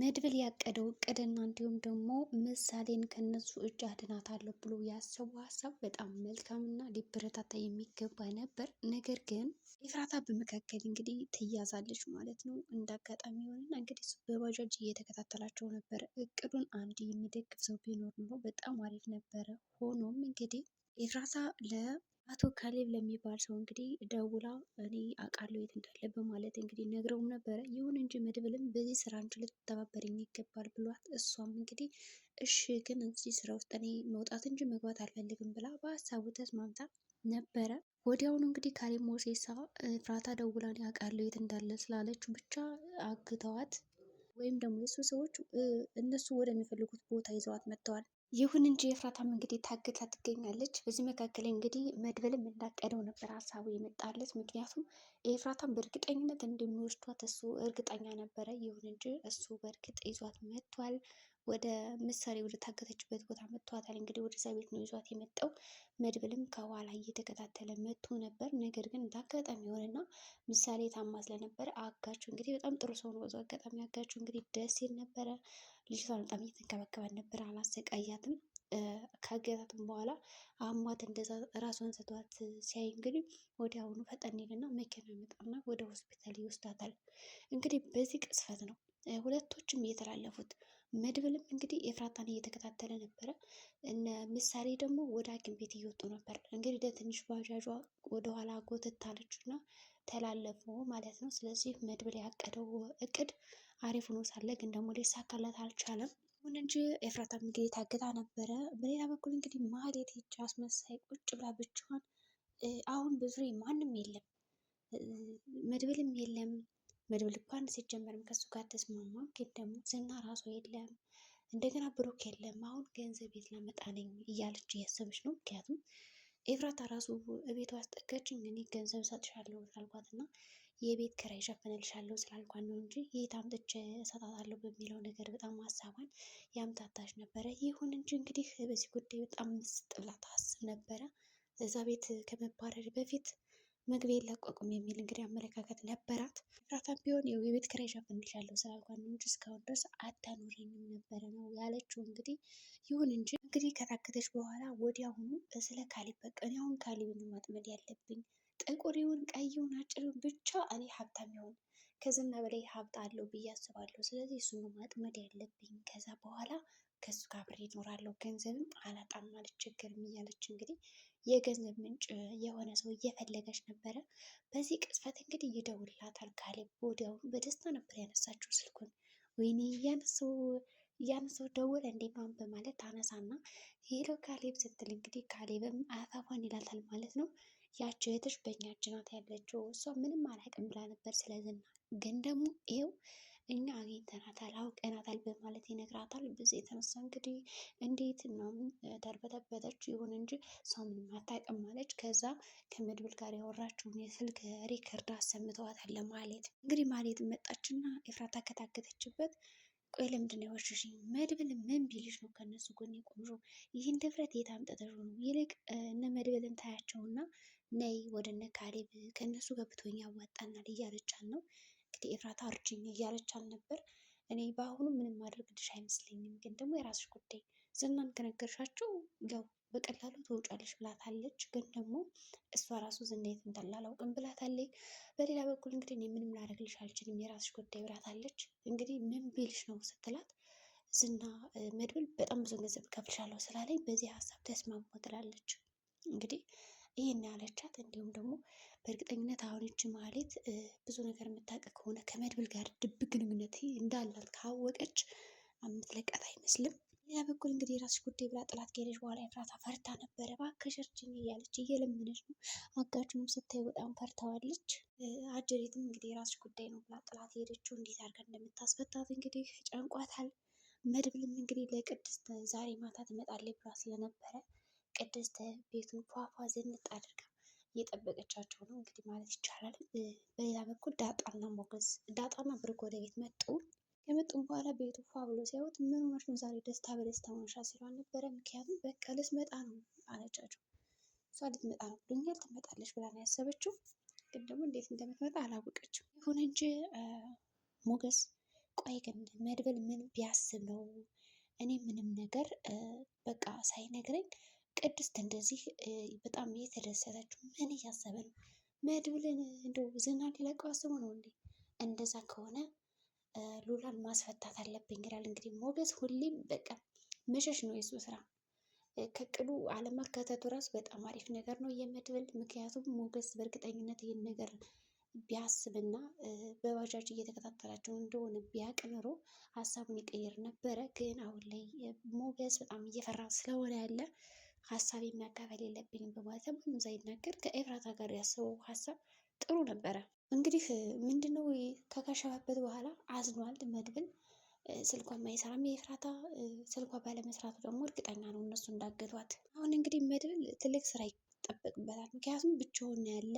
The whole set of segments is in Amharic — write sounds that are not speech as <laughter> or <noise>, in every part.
መድብል ያቀደው እቅድና እንዲሁም ደግሞ ምሳሌን ከነሱ እጅ አድናታለሁ ብሎ ያሰቡ ሀሳብ በጣም መልካምና ሊበረታታ የሚገባ ነበር። ነገር ግን ኤፍራታ በመካከል እንግዲህ ትያዛለች ማለት ነው። እንዳጋጣሚ አጋጣሚ እንግዲህ በባጃጅ እየተከታተላቸው ነበረ። እቅዱን አንድ የሚደግፍ ሰው ቢኖር ኖሮ በጣም አሪፍ ነበረ። ሆኖም እንግዲህ ኤፍራታ ለ አቶ ከሌብ ለሚባል ሰው እንግዲህ ደውላ እኔ አውቃለሁ የት እንዳለ በማለት እንግዲህ ነግረውም ነበረ። ይሁን እንጂ መድብልም በዚህ ስራ አንቺ ልትተባበረኝ ይገባል ብሏት፣ እሷም እንግዲህ እሺ ግን እዚህ ስራ ውስጥ እኔ መውጣት እንጂ መግባት አልፈልግም ብላ በሀሳቡ ተስማምታ ነበረ። ወዲያውኑ እንግዲህ ካሌብ ሞሴሳ ፍራታ ደውላ እኔ አውቃለሁ የት እንዳለ ስላለች ብቻ አግተዋት ወይም ደግሞ የእሱ ሰዎች እነሱ ወደሚፈልጉት ቦታ ይዘዋት መጥተዋል። ይሁን እንጂ ኤፍራታም እንግዲህ ታግታ ትገኛለች። በዚህ መካከል እንግዲህ መድበልም እንዳቀደው ነበር ሀሳቡ የመጣለት። ምክንያቱም ኤፍራታም በእርግጠኝነት እንደሚወስዷት እሱ እርግጠኛ ነበረ። ይሁን እንጂ እሱ በእርግጥ ይዟት መጥቷል። ወደ ምሳሌ ወደ ታገተችበት ቦታ መጥቷታል። እንግዲህ ወደዛ ቤት ነው ይዟት የመጣው። መድብልም ከኋላ እየተከታተለ መጥቶ ነበር። ነገር ግን እንዳጋጣሚ የሆነና ምሳሌ ታማ ስለነበረ አጋችሁ እንግዲህ በጣም ጥሩ ሰው ነው። በዛ አጋጣሚ አጋችሁ እንግዲህ ደስ ይል ነበረ ልጅቷን በጣም እየተንከባከባት ነበር፣ አላሰቃያትም። ካገታትም በኋላ አሟት እንደዛ ራሷን ስቷት ሲያይ እንግዲህ ወዲያውኑ ፈጠን ይልና መኪና ያመጣና ወደ ሆስፒታል ይወስዳታል። እንግዲህ በዚህ ቅጽበት ነው ሁለቶችም እየተላለፉት። መድብልም እንግዲህ ኤፍራታን እየተከታተለ ነበረ። እነ ምሳሌ ደግሞ ወደ ሐኪም ቤት እየወጡ ነበር። እንግዲህ ለትንሽ ባጃጇ ወደኋላ ጎተት አለችና ተላለፉ ማለት ነው። ስለዚህ መድብል ያቀደው እቅድ አሪፍ ሆኖ ሳለ ግን ደግሞ ሊሳካለት አልቻለም። ይሁን እንጂ ኤፍራታም እንግዲህ ታግታ ነበረ። በሌላ በኩል እንግዲህ ማህሌት ይቺ አስመሳይ ቁጭ ብላ ብቻዋን አሁን ብዙ ማንም የለም መድብልም የለም። መድብል እንኳን ሲጀመርም ከሱ ጋር ተስማማ፣ ግን ደግሞ ዝና ራሱ የለም እንደገና ብሩክ የለም። አሁን ገንዘብ ቤት ላመጣ ነኝ እያለች እያሰበች ነው። ምክንያቱም ኤፍራታ ራሱ ቤቷ አስጠጋችኝ እኔ ገንዘብ እሰጥሻለሁ አልኳት እና የቤት ኪራይ እሸፍንልሻለሁ ስላልኳት ነው እንጂ የት አምጥቼ እሰጣታለሁ በሚለው ነገር በጣም ሀሳቧን ያምታታች ነበረ። ይሁን እንጂ እንግዲህ በዚህ ጉዳይ በጣም ምስጥላ ብላ ታስብ ነበረ። እዛ ቤት ከመባረር በፊት መግቢያ የለቀቁም የሚል እንግዲህ አመለካከት ነበራት። እርዳታም ቢሆን የቤት ኪራይ እሸፍንልሻለሁ ስላልኳት ነው እንጂ እስካሁን ድረስ አታኖረኝም ነበረ ነው ያለችው። እንግዲህ ይሁን እንጂ እንግዲህ ከታገተች በኋላ ወዲያውኑ ስለ ካሌብ በቃ እኔ አሁን ማጥመድ ያለብኝ ጥቁር ይሁን ቀይ ይሁን አጭር ይሁን ብቻ እኔ ሀብታም ይሁን ከዚህም በላይ ሀብት አለው ብዬ አስባለሁ። ስለዚህ እሱን ማጥመድ ያለብኝ ከዛ በኋላ ከሱ ጋር አብሬ እኖራለሁ። ገንዘብም አላጣም አልቸገርም እያለች እንግዲህ የገንዘብ ምንጭ የሆነ ሰው እየፈለገች ነበረ። በዚህ ቅጽበት እንግዲህ ይደውልላታል ካሌብ። ወዲያውኑ በደስታ ነበር ያነሳችው ስልኩን። ወይኔ እያነሰው እያነሰው ደወለ እንዴ ማን በማለት አነሳና ሄሎ ካሌብ ስትል እንግዲህ ካሌብም አፋፏን ይላታል ማለት ነው። ያቺ እህትሽ በእኛ እጅ ናት ያለችው እሷ ምንም አላውቅም ብላ ነበር ስለ ግን ደግሞ ይኸው እኛ አግኝተናታል አውቀናታል በማለት ይነግራታል። ብዙ የተነሳ እንግዲህ እንዴት ምናምን ተርበተበተች። ይሁን እንጂ እሷ ምንም አታውቅም አለች። ከዛ ከመድብል ጋር ያወራችውን የስልክ ሪከርድ አሰምተዋታል ለማለት እንግዲህ ማለት መጣችና ኤፍራታ ከታገተችበት ቆይ ለምንድን ነው የዋሸሽኝ? መድብል ምን ቢልሽ ነው ከነሱ ጎን የቆምሽው? ይህን ድፍረት የት አምጥተሽው ነው? ይልቅ እነ መድብልን ታያቸውና ነይ ወደ እነ ካሌብ ከእነሱ ገብቶኝ ያዋጣናል እያለቻት ነው። እንግዲህ ኤፍራታ አርጅኝ እያለቻን ነበር። እኔ በአሁኑ ምንም ማድረግልሽ አይመስለኝም፣ ግን ደግሞ የራስሽ ጉዳይ ዝናን ከነገርሻቸው ያው በቀላሉ ትወጫለሽ ብላታለች። ግን ደግሞ እሷ ራሱ ዝና የት እንዳለ አላውቅም ብላታለች። በሌላ በኩል እንግዲህ እኔ ምንም ላደርግልሽ አልችልም፣ የራስሽ ጉዳይ ብላታለች። እንግዲህ ምን ቢልሽ ነው ስትላት ዝና መድብል በጣም ብዙ ገንዘብ ከፍልሻለሁ ስላለኝ በዚህ ሀሳብ ተስማሙ ትላለች እንግዲህ ይህን ያለቻት እንዲሁም ደግሞ በእርግጠኝነት አሁንች ማለት ብዙ ነገር የምታውቅ ከሆነ ከመድብል ጋር ድብ ግንኙነት እንዳላት ካወቀች የምትለቀት አይመስልም። ሌላ በኩል እንግዲህ የራስሽ ጉዳይ ብላ ጥላት ከሄደች በኋላ ኤፍራታ ፈርታ ነበረ። እባክሽ እርጅኝ እያለች እየለመነች ነው። አጋቹንም ስታይ በጣም ፈርታዋለች። አጀሬትም እንግዲህ የራስሽ ጉዳይ ነው ብላ ጥላት ሄደችው። እንዴት አድርጋ እንደምታስፈታት እንግዲህ ጨንቋታል። መድብልም እንግዲህ ለቅድስት ዛሬ ማታ ትመጣለች ብላ ስለነበረ ቅድስት ቤቱን ፏፏ ዝንጥ አድርጋ እየጠበቀቻቸው ነው እንግዲህ ማለት ይቻላል። በሌላ በኩል ዳጣና ሞገስ ዳጣና ብሩክ ወደ ቤት መጡ። ከመጡም በኋላ ቤቱ ፏ ብሎ ሲያዩት ምን ሆነሽ ነው ዛሬ ደስታ በደስታ መሻ ሲሉ ነበረ። ምክንያቱም በቃ ልትመጣ ነው አለቻቸው። እሷ ልትመጣ ነው ብሎኛል፣ ትመጣለች ብላ ነው ያሰበችው። ግን ደግሞ እንዴት እንደምትመጣ አላወቀችም። ይሁን እንጂ ሞገስ ቆይ ግን መድብል ምን ቢያስብ ነው እኔ ምንም ነገር በቃ ሳይነግረኝ ቅድስት እንደዚህ በጣም እየተደሰተች ምን እያሰበ ነው? መድብልን እንደው ዝና ሊለቀው አስቦ ነው እንዴ? እንደዛ ከሆነ ሉላን ማስፈታት አለብኝ ይላል። እንግዲህ ሞገስ ሁሌም በቃ መሸሽ ነው የሱ ስራ። ከቅዱ አለመካተቱ ራሱ በጣም አሪፍ ነገር ነው የመድብል። ምክንያቱም ሞገስ በእርግጠኝነት ይህን ነገር ቢያስብና በባጃጅ እየተከታተላቸው እንደሆነ ቢያቅ ኖሮ ሀሳቡን ይቀይር ነበረ። ግን አሁን ላይ ሞገስ በጣም እየፈራ ስለሆነ ያለ ሀሳብ መካፈል የለብኝም በማለት ማንም ሳይናገር ከኤፍራታ ጋር ያሰበው ሀሳብ ጥሩ ነበረ። እንግዲህ ምንድነው ከከሸፈበት በኋላ አዝኗል መድብል። ስልኳን ማይሰራም የኤፍራታ ስልኳ ባለመስራቱ ደግሞ እርግጠኛ ነው እነሱ እንዳገቷት። አሁን እንግዲህ መድብል ትልቅ ስራ ይጠበቅበታል። ምክንያቱም ብቻውን ያለ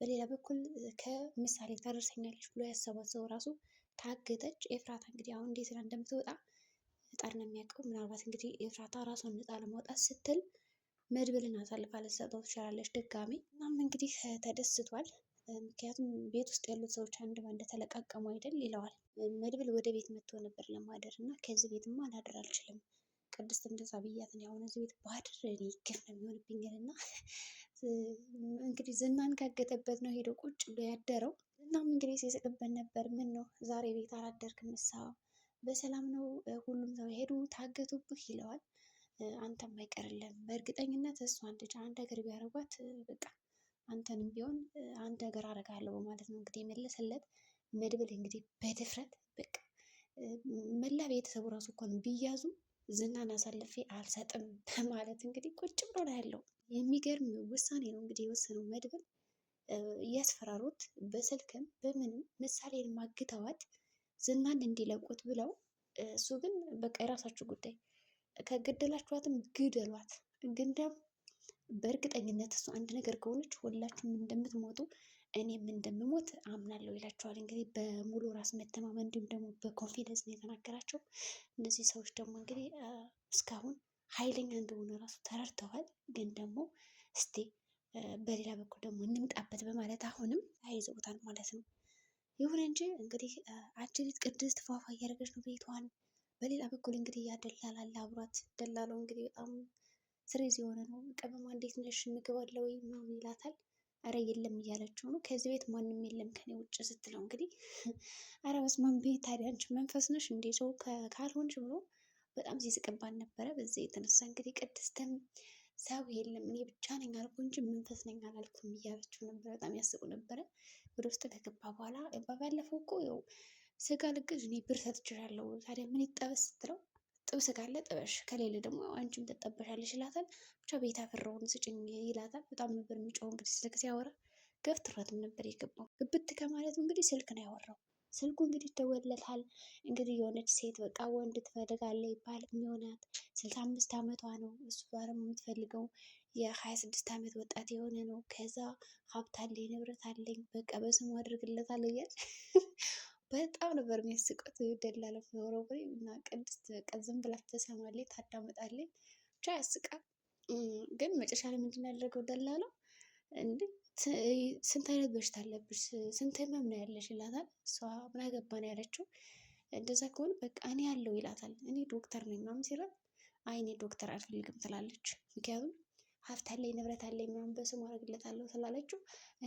በሌላ በኩል ከምሳሌ ታደርሰኛለች ብሎ ያሰባት ሰው ራሱ ታገተች። ኤፍራታ እንግዲህ አሁን እንዴት እንደምትወጣ ፈጣሪ ነው የሚያውቀው። ምናልባት እንግዲህ ኤፍራታ ራሷን ነፃ ለማውጣት ስትል መድብልን አሳልፋ ልትሰጠው ትችላለች ድጋሚ። እናም እንግዲህ ተደስቷል። ምክንያቱም ቤት ውስጥ ያሉት ሰዎች አንድ ባንድ ተለቃቀሙ አይደል ይለዋል። መድብል ወደ ቤት መጥቶ ነበር ለማደር እና ከዚህ ቤትማ ላድር አልችልም ቅድስት እንደዛ ብያት ነው አሁን እዚህ ቤት ባድር እኔ ግፍ ነው የሚሆንብኝ እና እንግዲህ ዝናን ካገተበት ነው ሄዶ ቁጭ ብሎ ያደረው። እናም እንግዲህ ሲስቅበት ነበር። ምን ነው ዛሬ ቤት አላደርክም? እሷ በሰላም ነው ሁሉም ሰው የሄዱ ታገቱብህ ይለዋል። አንተም አይቀርልህም። በእርግጠኝነት እሷን ልጅ አንድ ነገር ቢያደርጓት በቃ አንተንም ቢሆን አንድ ነገር አደርጋለሁ ማለት ነው እንግዲህ የመለሰለት መድብል እንግዲህ በድፍረት በቃ መላ ቤተሰቡ ራሱ እንኳን ቢያዙ ዝናን አሳልፌ አልሰጥም በማለት እንግዲህ ቁጭ ብሎ ነው ያለው። የሚገርም ውሳኔ ነው እንግዲህ የወሰነው መድብል። እያስፈራሩት በስልክም በምንም ምሳሌን ማግተዋት ዝናን እንዲለቁት ብለው እሱ ግን በቃ የራሳችሁ ጉዳይ ከገደላችኋትም ግደሏት። ግን ደግሞ በእርግጠኝነት እሱ አንድ ነገር ከሆነች ሁላችሁም እንደምትሞቱ እኔም እንደምሞት አምናለሁ ይላቸዋል። እንግዲህ በሙሉ ራስ መተማመን እንዲሁም ደግሞ በኮንፊደንስ ነው የተናገራቸው። እነዚህ ሰዎች ደግሞ እንግዲህ እስካሁን ኃይለኛ እንደሆነ ራሱ ተረድተዋል። ግን ደግሞ እስቲ በሌላ በኩል ደግሞ እንምጣበት በማለት አሁንም ተያይዘውታል ማለት ነው። ይሁን እንጂ እንግዲህ አጅሪት ቅድስት ፏፏ እያደረገች ነው ቤቷን። በሌላ በኩል እንግዲህ ያ ደላላ አለ አብሯት። ደላላው እንግዲህ በጣም ስሬዝ የሆነ ነው። ቅመማ እንዴት ነሽ ምግብ አለ ወይ ምናምን ይላታል። አረ የለም እያለችው ነው። ከዚህ ቤት ማንም የለም ከኔ ውጭ ስትለው እንግዲህ <laughs> አረ በስመ አብ ቤት ታዲያ አንቺ መንፈስ ነሽ እንዴ ሰው ካልሆንሽ ብሎ በጣም ሲስቅባን ነበረ። በዚህ የተነሳ እንግዲህ ቅድስትም ሰው የለም እኔ ብቻ ነኝ አልኩ እንጂ መንፈስ ነኝ አላልኩም እያለችው ነበር። በጣም ያስቁ ነበረ። ወደ ውስጥ ከገባ በኋላ ባለፈው እኮ ያው ስጋ ልግዝ እኔ ብር ሰጥቼሻለሁ፣ ታዲያ ምን ይጠበስ ስትለው ጥብ ስጋ አለ ጥበሽ፣ ከሌለ ደግሞ አንቺም ትጠበሻለሽ ይላታል። ብቻ ቤት አፈራውን ስጭኝ ይላታል። በጣም ነበር የሚጮኸው እንግዲህ ስልክ ሲያወራ ገፍትሯትም ነበር የገባው። ግብት ከማለቱ እንግዲህ ስልክ ነው ያወራው። ስልኩ እንግዲህ ይደወልለታል። እንግዲህ የሆነች ሴት በቃ ወንድ ትፈልጋለች ይባል የሚሆናት ስልሳ አምስት ዓመቷ ነው። እሱ ጋር የምትፈልገው የሀያ ስድስት ዓመት ወጣት የሆነ ነው። ከዛ ሀብት አለኝ ንብረት አለኝ በቃ በስሙ አድርግለታል እያል <laughs> በጣም ነበር የሚያስቀት ደላለፍ ኖሮ ወይ እና ቅድስት በቃ ዝም ብላ ትሰማለች፣ ታዳምጣለች፣ ብቻ ያስቃል። ግን መጨረሻ ላይ ምንድን ያደረገው ደላለው እንዴ ስንት አይነት በሽታ አለብሽ? ስንት ህመም ነው ያለሽ? ይላታል። እሷ ምን አገባ ነው ያለችው እንደዛ ከሆነ በቃ እኔ ያለው ይላታል። እኔ ዶክተር ነኝ ምናምን ሲላት አይ እኔ ዶክተር አልፈልግም ትላለች። ምክንያቱም ሀብት አለኝ ንብረት አለኝ ምናምን በስሙ አደርግለታለሁ ስላለችው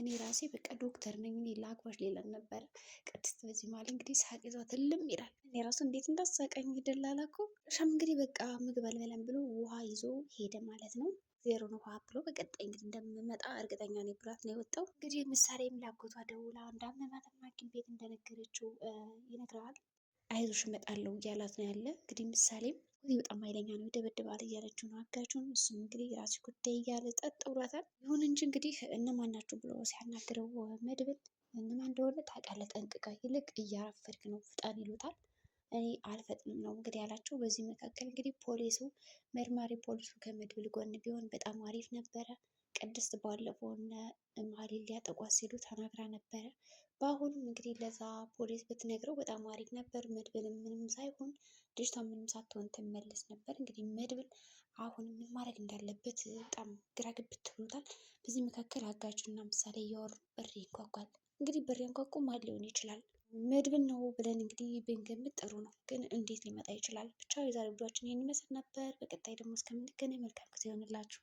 እኔ ራሴ በቃ ዶክተር ነኝ እኔ ለአግባሽ ሌላን ነበረ። ቅድስት በዚህ መሀል እንግዲህ ሳቅ ይዟት እልም ይላል። እኔ ራሱ እንዴት እንዳሳቀኝ ደላላ እኮ። ሻም እንግዲህ በቃ ምግብ አልበላም ብሎ ውሃ ይዞ ሄደ ማለት ነው። ዜሮ ነው ውሃ ብሎ በቀጣይ እንግዲህ እንደምመጣ እርግጠኛ ነኝ ብሏት ነው የወጣው። እንግዲህ ምሳሌም ላጎቷ ደውላ እንዳመማትና ሐኪም ቤት እንደነገረችው ይነግረዋል። አይዞሽ እመጣለሁ እያላት ነው ያለ። እንግዲህ ምሳሌም ይህ በጣም ኃይለኛ ነው ይደበድባል እያለችው ነው አጋቹን። እሱም እንግዲህ የራሱ ጉዳይ እያለ ጠጥ ብሏታል። ይሁን እንጂ እንግዲህ እነማን ናችሁ ብሎ ሲያናግረው መድብል እነማን እንደሆነ ታውቃለህ ጠንቅቃ፣ ይልቅ እያረፈድክ ነው ፍጠን ይሉታል። እኔ አልፈጥንም ነው እንግዲህ ያላቸው። በዚህ መካከል እንግዲህ ፖሊሱ መርማሪ ፖሊሱ ከመድብል ጎን ቢሆን በጣም አሪፍ ነበረ። ቅድስት ባለፈው እነ መሀሌን ሊያጠቋት ሲሉ ተናግራ ነበረ። በአሁኑም እንግዲህ ለዛ ፖሊስ ብትነግረው በጣም አሪፍ ነበር። መድብልም ምንም ሳይሆን ልጅቷ ምንም ሳትሆን ትመለስ ነበር። እንግዲህ መድብል አሁን ምን ማድረግ እንዳለበት በጣም ግራ ግብት ብሎታል። በዚህ መካከል እና ምሳሌ እያወሩ በር ይንኳኳል። እንግዲህ በር ያንኳኩ ማን ሊሆን ይችላል? መድብን ነው ብለን እንግዲህ ብንገምት ጥሩ ነው፣ ግን እንዴት ሊመጣ ይችላል? ብቻ የዛሬ ጉዟችን ይህን ይመስል ነበር። በቀጣይ ደግሞ እስከምንገናኝ መልካም ጊዜ ይሆንላችሁ።